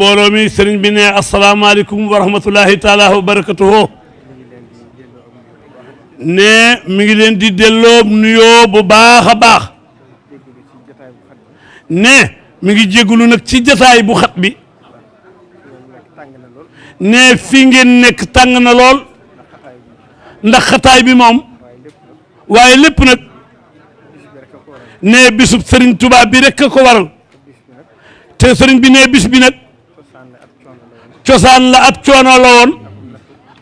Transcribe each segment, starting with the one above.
mbooloo mi sëriñ bi ne asalaamaaleykum wa rahmatullahi taala wa barakatuhu ne mi ngi leen di delloo nuyoo bu baax a baax ne mi ngi jégalu nag ci jataay bu xat bi ne fii ngeen nekk tàng na lool ndax xataay bi moom waaye lépp nag ne bisub sëriñ Tuubaa bi rekk ko waral te sëriñ bi ne bis bi nag cosaan la ab coono la woon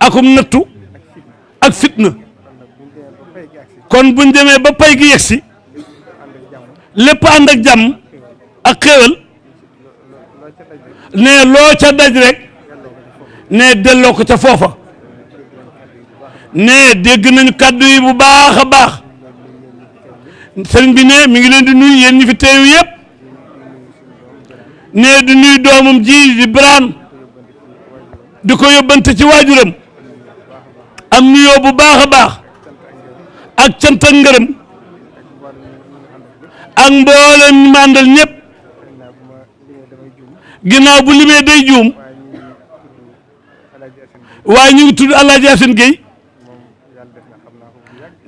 akum nattu ak fitna kon buñ demee ba pay gi yegsi lépp ànd ak jàmm ak xéewal ne loo ca daj rek ne delloo ko ca foofa ne dégg nañu kàddu yi bu baaxa baax sëriñ bi mu ngi leen di nuyu yéen ñi fi teew yëpp ne du nuyu doomam ji di biraan di ko yóbbante ci waajuram am nuyoo bu baax a baax ak cant ak ngërëm ak mboolem ñu màndal ñëpp ginnaaw bu limee day juum waaye ñu ngi tudd Alaaji Asan Géey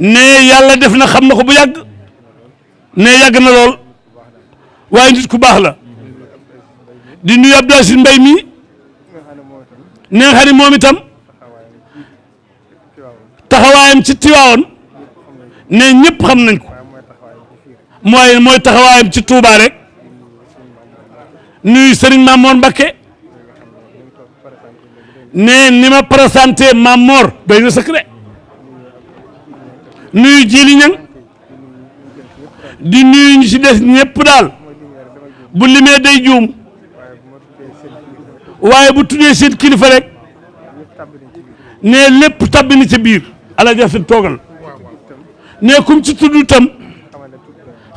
ne yàlla def na xam na ko bu yàgg ne yàgg na lool waaye nit ku baax la di nuyu Abdou Aziz Mbay mi nee xarit moom itam taxawaayam ci Tiwaawoon ne ñëpp nañ ko mooy mooy taxawaayam ci Touba rek nuyu Serigne Mamor Mbakke ne ni ma présenté doy na secret nuyu Jili Ñang di nuyu ñu ci des ñëpp daal bu limee day juum. waaye bu tuddee seen kilifa rek ne lépp tabbi na ca biir ala jafe toogal ne kum ci tudd itam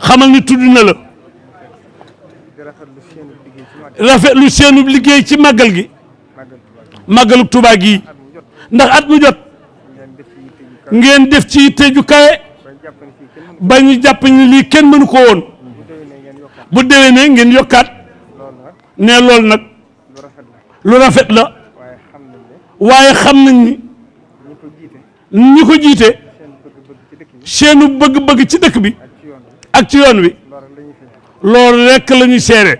xamal ni tudd na la rafet lu seenub liggéey ci màggal gi màggalu Tuubaa gi ndax at mu jot ngeen def ci yitte ju kawe ba ñu jàpp ni lii kenn mënu ko woon bu déwénee ngeen yokkaat ne lool nag lu rafet la waaye xam nañ ni ñi ko jiite seenu bëgg-bëgg ci dëkk bi ak ci yoon wi lool rekk la ñuy seere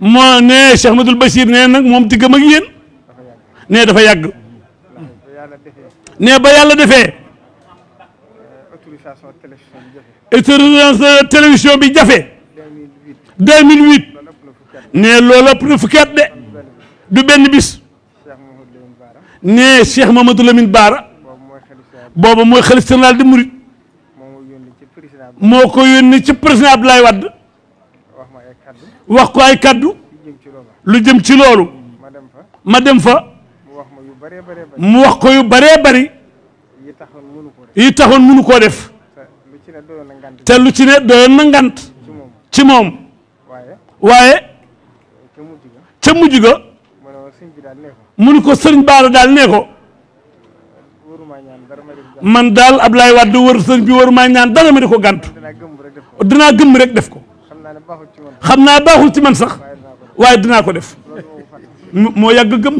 moo ne Cheikh Madul Bachir nee nag moom diggam ak yéen nee dafa yàgg nee ba yàlla defee autorisation télévision bi jafe 2008 nee loolu ëpp de du benn bis ne Cheikh Mamadou Lamine bara, bobu moy xalif général de Mouride moko yoni ci president Abdoulaye wad wax ko ay kaddu lu jëm ci lolu ma dem fa mu wax ko yu bare bare yi taxone munu ko def te lu ci ne na ngant ci mom waye mu ni ko sëriñ Baara daal nee ko man daal Ablaye Wade wër sëriñ bi wër maa ñaan dara ma di ko gàntu dinaa gëm rek def ko xam naa baaxul ci man sax waaye dinaa ko def moo yàgg gëm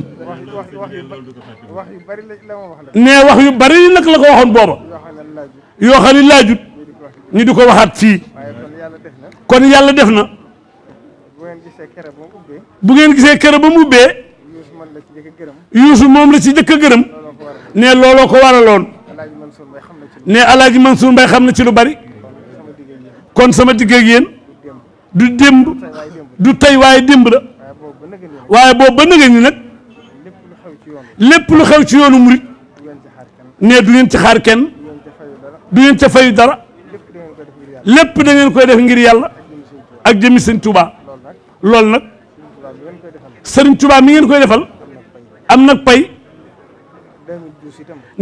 nee wax yu bari nag la ko waxoon booba yoo xam ne laajut ñu di ko waxaat fii kon yàlla def na bu ngeen gisee kër ba mu bee yuusu moom la ci jëkk a gërëm ne looloo ko a waraloon ne alaaji Mansour Mbaye xam na ci lu bari kon sama digg ak yéen du démb du tey waaye démb la waaye boobu ba nëgë ni nag lépp lu xew ci yoonu murit ne du ngeen ci xaar kenn du ngeen ca fayu dara lépp da ngeen koy def ngir yàlla ak jëmi sëñ Tuubaa loolu nag sëriñ Touba mi ngeen koy defal am nag pay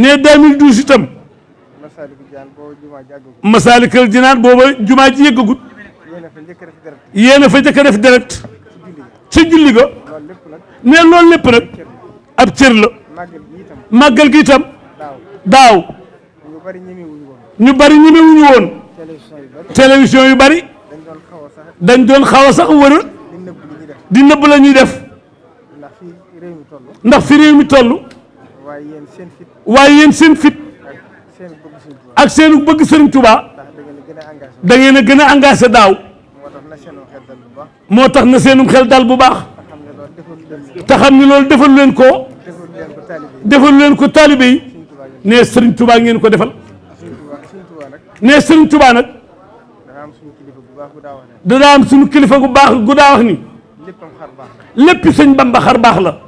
ne 2012 itam masaalikal jinaan booba jumaa ji yëggagut yéena fa njëkk a def deret ci julli ga ne loolu lépp nag ab cër la màggal gi itam daaw ñu bari ñemewuñu woon télévision yu bari dañ doon xaw a sax wër di nëbb la ñuy def ndax fi réew mi toll waaye yéen seen fit ak seen bëgg sëriñ Touba da ngeen a gën a engagé daaw moo tax na seenum xel dal bu baax te xam ni loolu defalu leen ko defalu leen ko taalibe yi ne sëriñ Touba ngeen ko defal ne sëriñ Touba nag da daa am suñu kilifa gu baax gu daa wax ni lépp sëñ Bamba xar baax la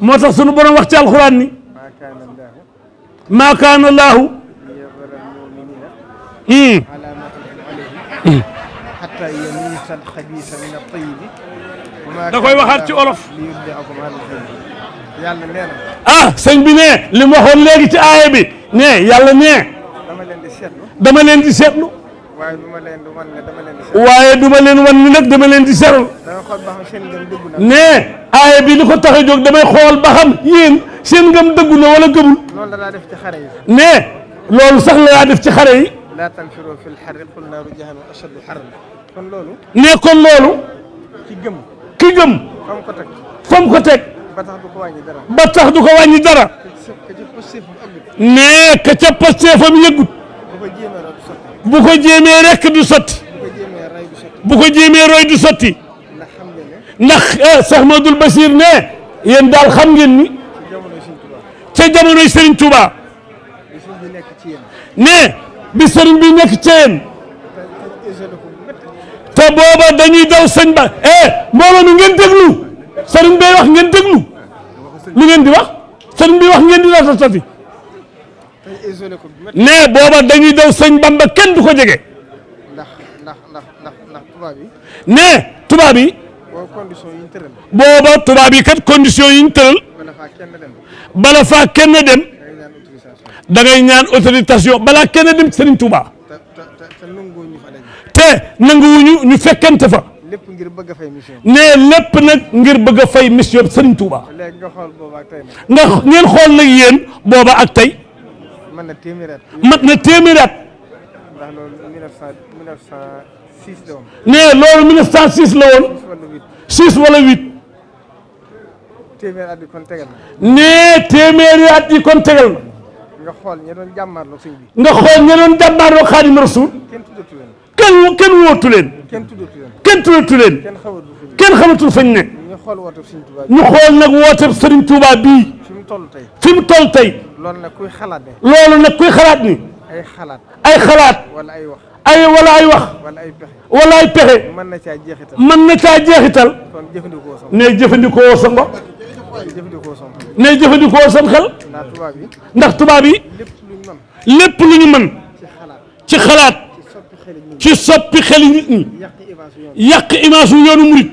moo tax sunu borom wax ci alxuraan ni maa kaana allaahu da koy waxaat ci olof ah sëñ bi ne li mu waxoon léegi ci aaya bi ne yàlla ne dama leen di seetlu waye duma len won ni nak dama len di seral. waaye duma leen wan ne nag dama leen di bi li ko jóg damay xool ba xam yéen seen ngëm deuguna na wala gëmul. loolu la laa def ci xare yi. ne lolou sax la def ci xare yi. laa tanfiru fil harri qul naaru jahannama ashaddu harran. kon loolu. nee kon loolu. ki gëm. ki gëm. fa ko teg. fa ko teg. ba tax du ko wàññi dara. ba tax du ko wàññi dara. nee ka ca bu ko jéemee rekk du sotti bu ko jéemee roy du sotti ndax eh, Cheikh Madul Bachir ne yéen daal xam ngeen ni ca jamonoy Serigne Touba ne bi Serigne bi nekk ci yéen te booba dañuy daw sëñ ba eh mbooloo mi ngeen déglu Serigne bay wax ngeen déglu lu ngeen di wax Serigne bi wax ngeen di la sotti. ne booba dañuy daw sëñ Bamba kenn du ko jege. ndax ndax ndax ndax tubaab yi. ne yi. booba condition yi ñu tëral. booba tubaab yi kat condition yi ñu tëral. bala faa kenn dem. bala faa kenn dem. da ngay ñaan autorisation balaa kenn dem Serigne Touba. te nanguwuñu ñu fekkente fa. lépp ngir bëgg fay mission. nee lépp nag ngir bëgg a fay mission Serigne Touba. nga ngeen xool nag yéen booba ak tey. mat na téeméeri at. mat na téeméeri at. ndax loolu 1906 la woon. nee loolu 1906 la woon. 6 wala 8. téeméeri at yi kon tegal na. nee téeméeri at yi kon tegal na. nga xool ña doon jàmmaarloo sëñ bi. nga xool ña doon jàmmaarloo Xaadimu Rasuul. kenn tuddatu leen. kenn kenn wootu leen. kenn tuddatu leen. kenn tuddatu leen. kenn xamatul fañ ne. ñu xool nag wooteeb Sëriñ Tuubaa bii. mu toll tey. fi mu toll tey. loolu nag kuy xalaat ni. loolu nag kuy xalaat ni. ay xalaat. ay xalaat. wala ay wax. ay wala ay wax. wala ay pexe. wala ay pexe. mën na caa jeexital. mën na caa jeexital. kon jëfandikoo sa. nee jëfandikoo sa mbokk. jëfandikoo sa mbokk. nee jëfandikoo sa xel. ndax tubaab yi. ndax tubaab yi. lépp lu ñu mën. lépp lu ñu mën. ci xalaat. ci xalaat. ci soppi xel nit ñi. yàq image yu yoonu murit.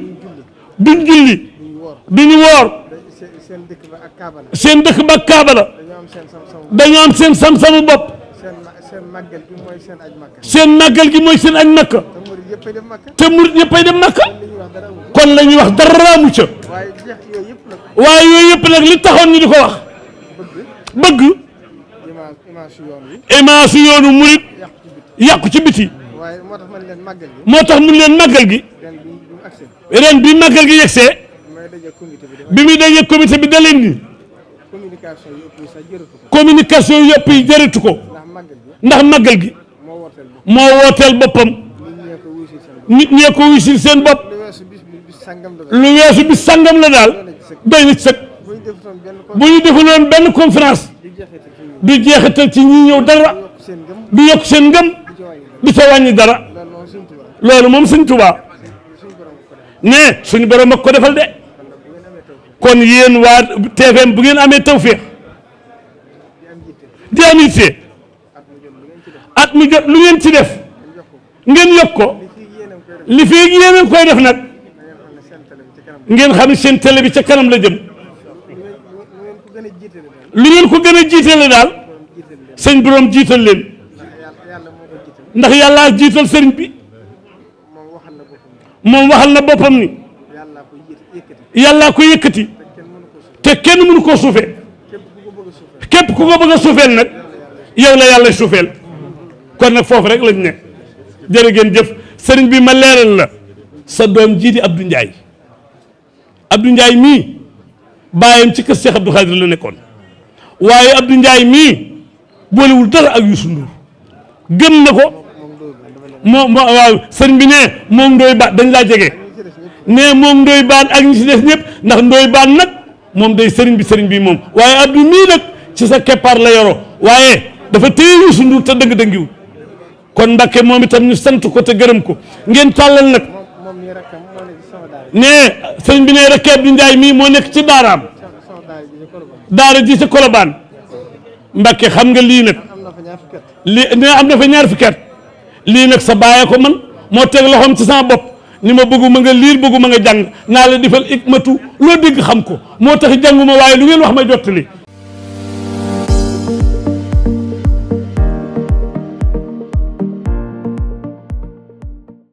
duñ julli. duñ woor. seen dëkk ba ak kaaba la. seen dëkk ba ak kaaba la. dañoo am seen sam-samu bopp. seen màggal gi mooy seen aj makka. seen màggal gi mooy seen aj makka. te murit yëppay dem makka. kon la ñuy wax dara mu ca. waaye yooyu yëpp nag li taxoon ñu di ko wax. bëgg. imaasu yoonu murit yàqu ci biti. moo tax mun leen màggal gi. ren bi màggal gi yegsee. bi muy dajee comité bi da leen ni communication yëpp yi jëritu ko ndax màggal gi moo wooteel boppam nit ñee ko wisil seen bopp lu weesu bi sàngam la daal doy na sëg bu ñu defaloon benn conférence du jeexital ci ñi ñëw dara du yokk seen ngëm du ca wàññi dara loolu moom sëñ Tuubaa ne suñu borom ak ko defal de kon yéen waa TFM bu ngeen amee tawféex di am jot lu ngeen ci def ngeen yokk ko li fee yéen koy def nag ngeen xam seen télé bi ca kanam la jëm lu ngeen ko gën a jiitale daal sëñ borom jiital leen ndax yàlla jiital sëriñ bi moom waxal na boppam yàllaa ko yëkkati te kenn mënu koo suufeel képp ku ko bëgg a suufeel nag yow la yàlla suufeel kon nag foofu rek lañ ne jërë ngeen jëf sëriñ bi ma leeral la sa doom jii di Abdou Ndiaye Abdou Ndiaye mii bàyyam ci kër Cheikh Abdou Khadir la nekkoon waaye Abdou Ndiaye mii boolewul dara ak Youssou Ndour gëm na ko moo moo sëriñ bi ne moom dooy ba dañ laa jege nee moom ndoy baan ak ñi si ndax ndoy baan nag moom day sëriñ bi sëriñ bi moom waaye abdou mii nag ci sa keppaar la yoro waaye dafa téye Youssou Ndour te dëng dëngiwul kon Mbàkke moom itam ñu sant ko te gërëm ko ngeen tàllal nag nee sëriñ bi ne rekkee Abdou Ndiaye mii moo nekk ci daaraam daara ji ci Kolobaan Mbàkke xam nga lii nag lii ne am na fa ñaar fukki at lii nag sa baay ko man moo teg loxoom ci sama bopp ni ma bëgguma nga liir bëgguma nga jàng naa la defal ikmatu loo dégg xam ko moo tax ma waaye lu ngeen wax ma jottali